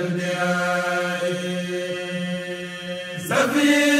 الدعاء سفير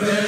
Amen